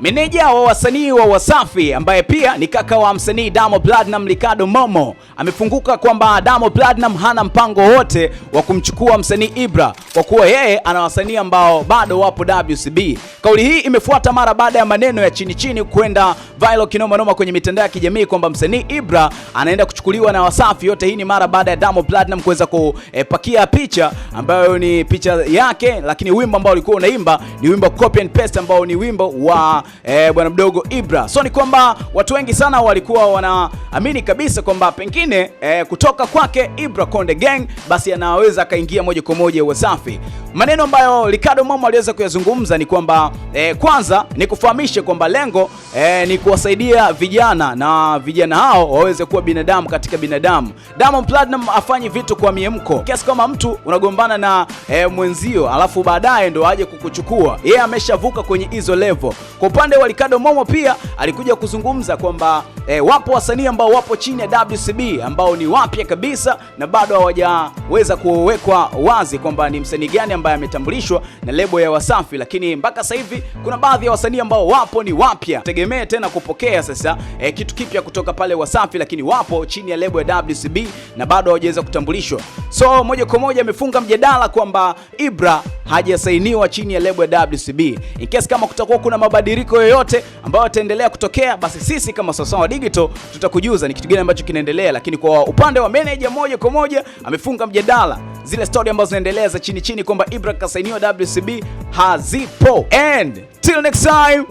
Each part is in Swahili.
Meneja wa wasanii wa Wasafi ambaye pia ni kaka wa msanii Diamond Platnumz Ricardo Momo amefunguka kwamba Diamond Platnumz hana mpango wote wa kumchukua msanii Ibra kwa kuwa yeye ana wasanii ambao bado wapo WCB. Kauli hii imefuata mara baada ya maneno ya chini chini kwenda viral kinoma noma kwenye mitandao ya kijamii kwamba msanii Ibra anaenda kuchukuliwa na Wasafi. Yote hii ni mara baada ya Diamond Platnumz kuweza kupakia picha ambayo ni picha yake, lakini wimbo ambao ulikuwa unaimba ni wimbo copy and paste ambao ni wimbo wa eh, bwana mdogo Ibra. So ni kwamba watu wengi sana walikuwa wanaamini kabisa kwamba pengine eh, kutoka kwake Ibra Konde Gang basi anaweza akaingia moja kwa moja Wasafi. Maneno ambayo Ricardo Momo aliweza kuyazungumza ni kwamba eh, kwanza ni kufahamishe kwamba lengo eh, ni kuwasaidia vijana na vijana hao waweze kuwa binadamu katika binadamu. Diamond Platinum afanye vitu kwa miemko, kiasi kama mtu unagombana na eh, mwenzio alafu baadaye ndo aje kukuchukua yeye, yeah, ameshavuka kwenye hizo level. Kwa upande wa Ricardo Momo pia alikuja kuzungumza kwamba eh, wapo wasanii ambao wapo chini ya WCB ambao ni wapya kabisa na bado hawajaweza kuwekwa wazi kwamba ni msanii gani ambaye ametambulishwa na lebo ya Wasafi, lakini mpaka sasa hivi kuna baadhi ya wasanii ambao wapo ni wapya. Tegemee tena kupokea sasa e, kitu kipya kutoka pale Wasafi, lakini wapo chini ya lebo ya WCB na bado hawajaweza kutambulishwa. So moja kwa moja amefunga mjadala kwamba Ibra hajasainiwa chini ya lebo ya WCB. In case kama kutakuwa kuna mabadiliko yoyote ambayo yataendelea kutokea, basi sisi kama Sawasawa Digital tutakujuza ni kitu gani ambacho kinaendelea, lakini kwa upande wa manager moja kwa moja amefunga mjadala zile story ambazo zinaendelea za chini chini kwamba Ibra kasainiwa WCB hazipo. And till next time,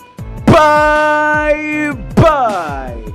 bye bye.